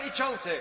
Przewodniczący!